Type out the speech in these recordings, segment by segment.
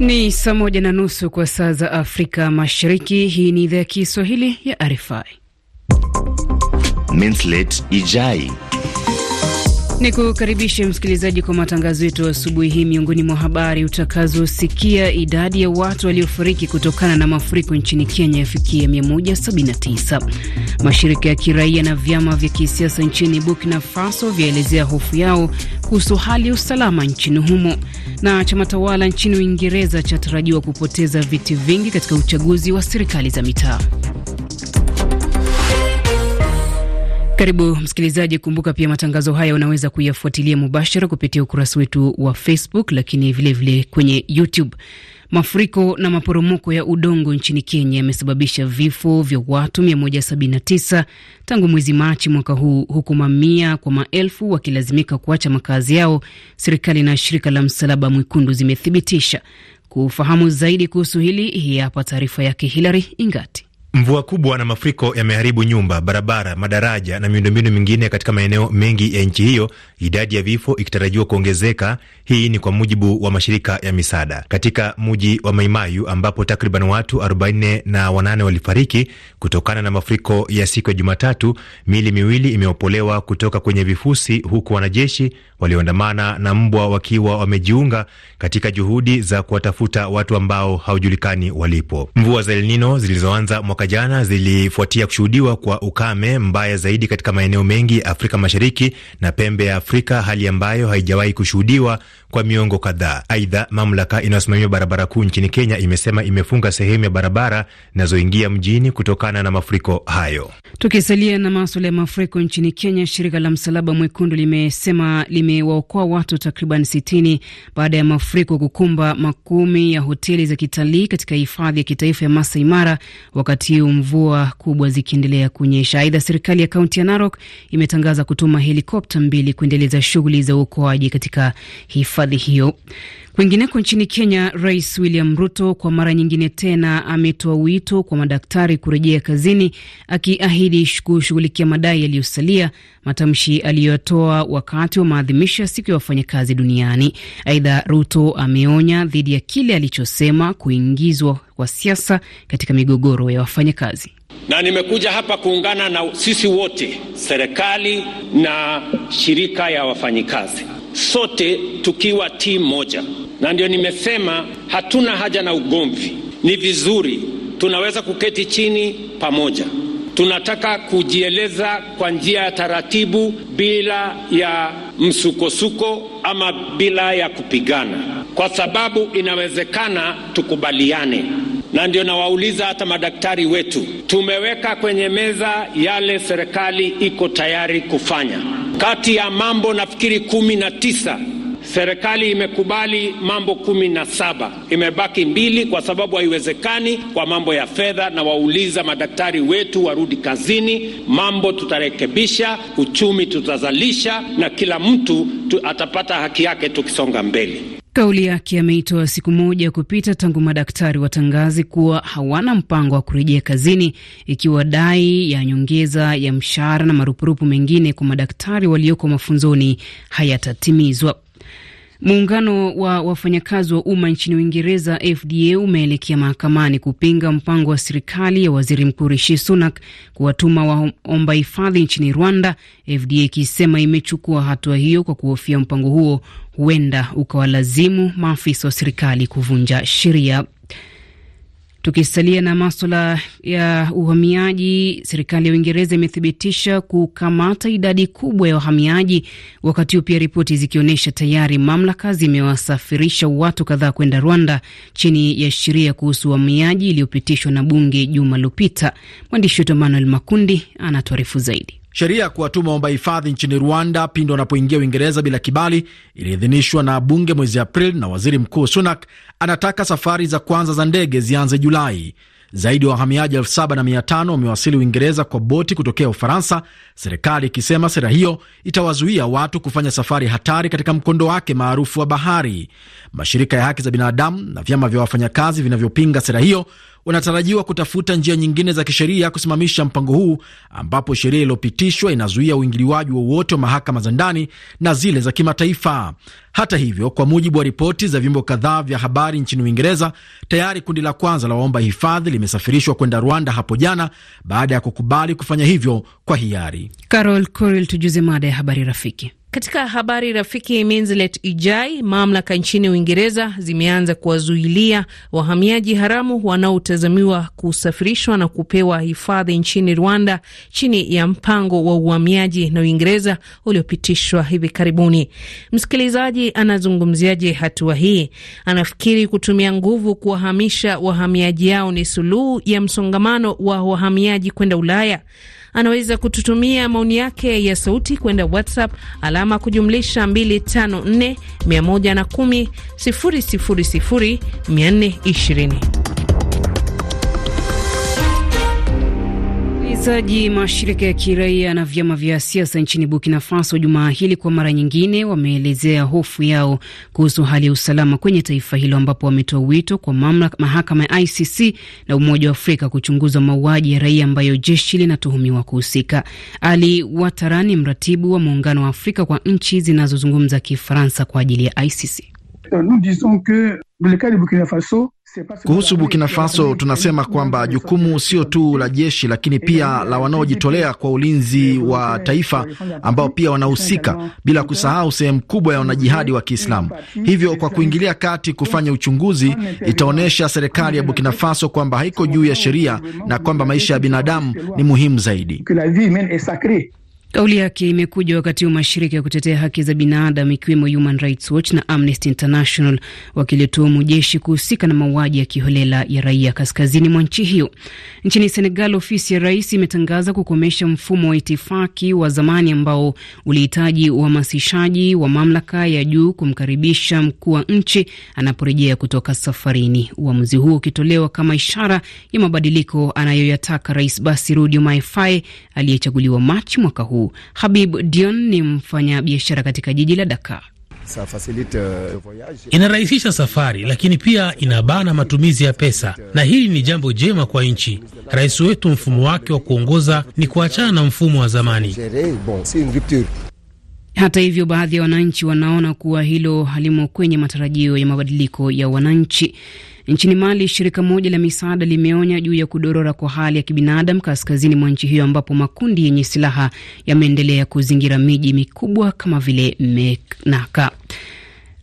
Ni saa moja na nusu kwa saa za Afrika Mashariki. Hii ni idhaa ya Kiswahili ya RFI. Minslet Ijai ni kukaribishe msikilizaji kwa matangazo yetu asubuhi hii. Miongoni mwa habari utakazosikia, idadi ya watu waliofariki kutokana na mafuriko nchini Kenya yafikia 179. Mashirika ya kiraia na vyama vya kisiasa nchini Burkina Faso vyaelezea hofu yao kuhusu hali ya usalama nchini humo, na chama tawala nchini Uingereza chatarajiwa kupoteza viti vingi katika uchaguzi wa serikali za mitaa. Karibu msikilizaji, kumbuka pia matangazo haya unaweza kuyafuatilia mubashara kupitia ukurasa wetu wa Facebook, lakini vilevile vile kwenye YouTube. Mafuriko na maporomoko ya udongo nchini Kenya yamesababisha vifo vya watu 179 tangu mwezi Machi mwaka huu, huku mamia kwa maelfu wakilazimika kuacha makazi yao, serikali na shirika la Msalaba Mwekundu zimethibitisha. Kufahamu zaidi kuhusu hili, hii hapa taarifa yake Hilary Ingati. Mvua kubwa na mafuriko yameharibu nyumba, barabara, madaraja na miundombinu mingine katika maeneo mengi ya nchi hiyo, idadi ya vifo ikitarajiwa kuongezeka. Hii ni kwa mujibu wa mashirika ya misaada. Katika mji wa Maimayu ambapo takriban watu 48 walifariki kutokana na mafuriko ya siku ya Jumatatu, miili miwili imeopolewa kutoka kwenye vifusi, huku wanajeshi walioandamana na mbwa wakiwa wamejiunga katika juhudi za kuwatafuta watu ambao hawajulikani walipo. Mvua za El Nino zilizoanza mwaka jana zilifuatia kushuhudiwa kwa ukame mbaya zaidi katika maeneo mengi ya Afrika Mashariki na pembe ya Afrika, hali ambayo haijawahi kushuhudiwa kwa miongo kadhaa. Aidha, mamlaka inayosimamia barabara kuu nchini Kenya imesema imefunga sehemu ya barabara inazoingia mjini kutokana na mafuriko hayo. Tukisalia na maswala ya mafuriko nchini Kenya, shirika la Msalaba Mwekundu limesema limewaokoa watu takriban 60 baada ya mafuriko kukumba makumi ya hoteli za kitalii katika hifadhi ya kitaifa ya Masai Mara wakati wakati huu mvua kubwa zikiendelea kunyesha. Aidha, serikali ya kaunti ya Narok imetangaza kutuma helikopta mbili kuendeleza shughuli za uokoaji katika hifadhi hiyo. Kwingineko nchini Kenya, Rais William Ruto kwa mara nyingine tena ametoa wito kwa madaktari kurejea kazini, akiahidi kushughulikia madai yaliyosalia, matamshi aliyoyatoa wakati wa maadhimisho ya siku ya wafanyakazi duniani. Aidha, Ruto ameonya dhidi ya kile alichosema kuingizwa kwa siasa katika migogoro ya wafanyakazi. Na nimekuja hapa kuungana na sisi wote, serikali na shirika ya wafanyikazi, sote tukiwa timu moja na ndio nimesema hatuna haja na ugomvi. Ni vizuri tunaweza kuketi chini pamoja. Tunataka kujieleza kwa njia ya taratibu, bila ya msukosuko ama bila ya kupigana, kwa sababu inawezekana tukubaliane na ndio nawauliza hata madaktari wetu, tumeweka kwenye meza yale serikali iko tayari kufanya. Kati ya mambo nafikiri kumi na tisa serikali imekubali mambo kumi na saba, imebaki mbili kwa sababu haiwezekani kwa mambo ya fedha, na wauliza madaktari wetu warudi kazini. Mambo tutarekebisha, uchumi tutazalisha, na kila mtu tu atapata haki yake tukisonga mbele. Kauli yake ameitoa siku moja kupita tangu madaktari watangazi kuwa hawana mpango wa kurejea kazini, ikiwa dai ya nyongeza ya mshahara na marupurupu mengine kwa madaktari walioko mafunzoni hayatatimizwa. Muungano wa wafanyakazi wa umma nchini Uingereza, FDA, umeelekea mahakamani kupinga mpango wa serikali ya waziri mkuu Rishi Sunak kuwatuma waomba hifadhi nchini Rwanda, FDA ikisema imechukua hatua hiyo kwa kuhofia mpango huo huenda ukawalazimu maafisa wa serikali kuvunja sheria. Tukisalia na maswala ya uhamiaji, serikali ya Uingereza imethibitisha kukamata idadi kubwa ya wahamiaji, wakati huo pia ripoti zikionyesha tayari mamlaka zimewasafirisha watu kadhaa kwenda Rwanda chini ya sheria kuhusu uhamiaji iliyopitishwa na bunge juma lililopita. Mwandishi wetu Emmanuel Makundi anatuarifu zaidi. Sheria ya kuwatuma waomba hifadhi nchini Rwanda pindi wanapoingia Uingereza bila kibali iliidhinishwa na bunge mwezi Aprili, na waziri mkuu Sunak anataka safari za kwanza za ndege zianze Julai. Zaidi ya wahamiaji 75 wamewasili Uingereza kwa boti kutokea Ufaransa, serikali ikisema sera hiyo itawazuia watu kufanya safari hatari katika mkondo wake maarufu wa bahari. Mashirika ya haki za binadamu na vyama vya wafanyakazi vinavyopinga sera hiyo unatarajiwa kutafuta njia nyingine za kisheria kusimamisha mpango huu, ambapo sheria iliyopitishwa inazuia uingiliwaji wowote wa mahakama za ndani na zile za kimataifa. Hata hivyo, kwa mujibu wa ripoti za vyombo kadhaa vya habari nchini Uingereza, tayari kundi la kwanza la waomba hifadhi limesafirishwa kwenda Rwanda hapo jana baada ya kukubali kufanya hivyo kwa hiari. Carol tujuze mada ya habari rafiki. Katika habari rafiki, Minslet Ijai, mamlaka nchini Uingereza zimeanza kuwazuilia wahamiaji haramu wanaotazamiwa kusafirishwa na kupewa hifadhi nchini Rwanda chini ya mpango wa uhamiaji na Uingereza uliopitishwa hivi karibuni. Msikilizaji anazungumziaje hatua hii? Anafikiri kutumia nguvu kuwahamisha wahamiaji yao ni suluhu ya msongamano wa wahamiaji kwenda Ulaya? Anaweza kututumia maoni yake ya sauti kwenda WhatsApp ala alama kujumlisha 254 110 000 420. Msikilizaji, mashirika ya kiraia na vyama vya siasa nchini Burkina Faso jumaa hili kwa mara nyingine wameelezea hofu yao kuhusu hali ya usalama kwenye taifa hilo, ambapo wametoa wito kwa mamlaka, mahakama ya ICC na Umoja wa Afrika kuchunguza mauaji ya raia ambayo jeshi linatuhumiwa kuhusika. Ali Watarani, mratibu wa Muungano wa Afrika kwa nchi zinazozungumza Kifaransa kwa ajili ya ICC. Kuhusu Burkina Faso tunasema kwamba jukumu sio tu la jeshi, lakini pia la wanaojitolea kwa ulinzi wa taifa ambao pia wanahusika, bila kusahau sehemu kubwa ya wanajihadi wa Kiislamu. Hivyo kwa kuingilia kati, kufanya uchunguzi, itaonyesha serikali ya Burkina Faso kwamba haiko juu ya sheria na kwamba maisha ya binadamu ni muhimu zaidi. Kauli yake imekuja wakati wa mashirika ya kutetea haki za binadamu ikiwemo Human Rights Watch na Amnesty International wakilituhumu jeshi kuhusika na mauaji ya kiholela ya raia kaskazini mwa nchi hiyo. Nchini Senegal, ofisi ya rais imetangaza kukomesha mfumo wa itifaki wa zamani ambao ulihitaji uhamasishaji wa mamlaka ya juu kumkaribisha mkuu wa nchi anaporejea kutoka safarini, uamuzi huo ukitolewa kama ishara ya mabadiliko anayoyataka Rais Bassirou Diomaye Faye aliyechaguliwa Machi mwaka huu mkuu. Habib Dion ni mfanyabiashara katika jiji la Dakar. Euh, Inarahisisha safari lakini pia inabana matumizi ya pesa, na hili ni jambo jema kwa nchi. Rais wetu mfumo wake wa kuongoza ni kuachana na mfumo wa zamani. Hata hivyo, baadhi ya wananchi wanaona kuwa hilo halimo kwenye matarajio ya mabadiliko ya wananchi. Nchini Mali, shirika moja la misaada limeonya juu ya kudorora kwa hali ya kibinadamu kaskazini mwa nchi hiyo, ambapo makundi yenye silaha yameendelea kuzingira miji mikubwa kama vile Meknaka.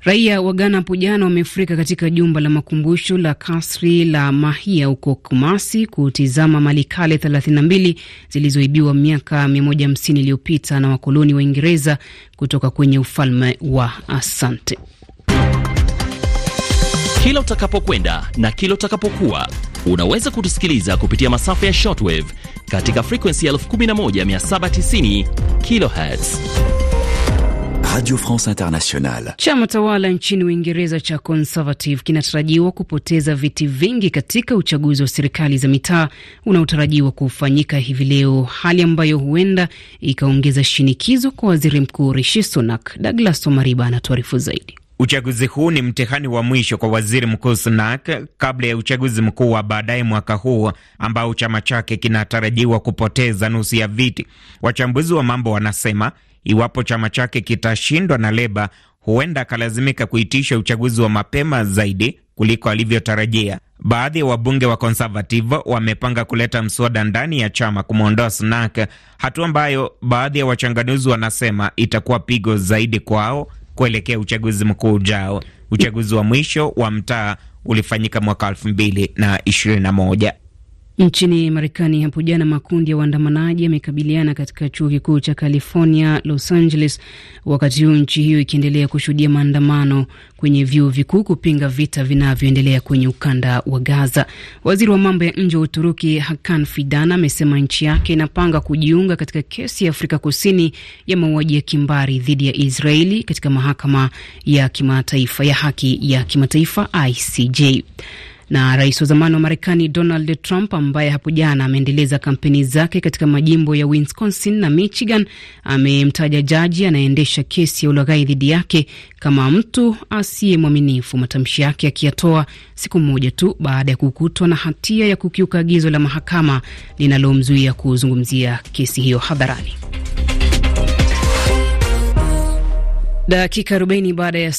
Raia wa Ghana hapo jana wamefurika katika jumba la makumbusho la kasri la Mahia huko Kumasi kutizama mali kale 32 zilizoibiwa miaka 150 iliyopita na wakoloni wa Uingereza kutoka kwenye ufalme wa Asante. Kila utakapokwenda na kila utakapokuwa unaweza kutusikiliza kupitia masafa ya shortwave katika frekwensi 11790 kilohertz Radio France Internationale. Chama tawala nchini Uingereza cha Conservative kinatarajiwa kupoteza viti vingi katika uchaguzi wa serikali za mitaa unaotarajiwa kufanyika hivi leo, hali ambayo huenda ikaongeza shinikizo kwa waziri mkuu Rishi Sunak. Douglas Omariba anatuarifu zaidi. Uchaguzi huu ni mtihani wa mwisho kwa waziri mkuu Sunak kabla ya uchaguzi mkuu wa baadaye mwaka huu ambao chama chake kinatarajiwa kupoteza nusu ya viti. Wachambuzi wa mambo wanasema Iwapo chama chake kitashindwa na Leba, huenda akalazimika kuitisha uchaguzi wa mapema zaidi kuliko alivyotarajia. Baadhi ya wabunge wa Conservative wamepanga kuleta mswada ndani ya chama kumwondoa Sunak, hatua ambayo baadhi ya wachanganuzi wanasema itakuwa pigo zaidi kwao kuelekea uchaguzi mkuu ujao. Uchaguzi wa mwisho wa mtaa ulifanyika mwaka 221 Nchini Marekani hapo jana, makundi ya waandamanaji yamekabiliana katika chuo kikuu cha California, Los Angeles, wakati huu nchi hiyo ikiendelea kushuhudia maandamano kwenye vyuo vikuu kupinga vita vinavyoendelea kwenye ukanda wa Gaza. Waziri wa mambo ya nje wa Uturuki Hakan Fidan amesema nchi yake inapanga kujiunga katika kesi ya Afrika Kusini ya mauaji ya kimbari dhidi ya Israeli katika mahakama ya kimataifa ya haki ya kimataifa ICJ. Na rais wa zamani wa Marekani Donald Trump ambaye hapo jana ameendeleza kampeni zake katika majimbo ya Wisconsin na Michigan amemtaja jaji anayeendesha kesi ya ulaghai dhidi yake kama mtu asiye mwaminifu, matamshi yake akiyatoa siku moja tu baada ya kukutwa na hatia ya kukiuka agizo la mahakama linalomzuia kuzungumzia kesi hiyo hadharani. Dakika 40 baada ya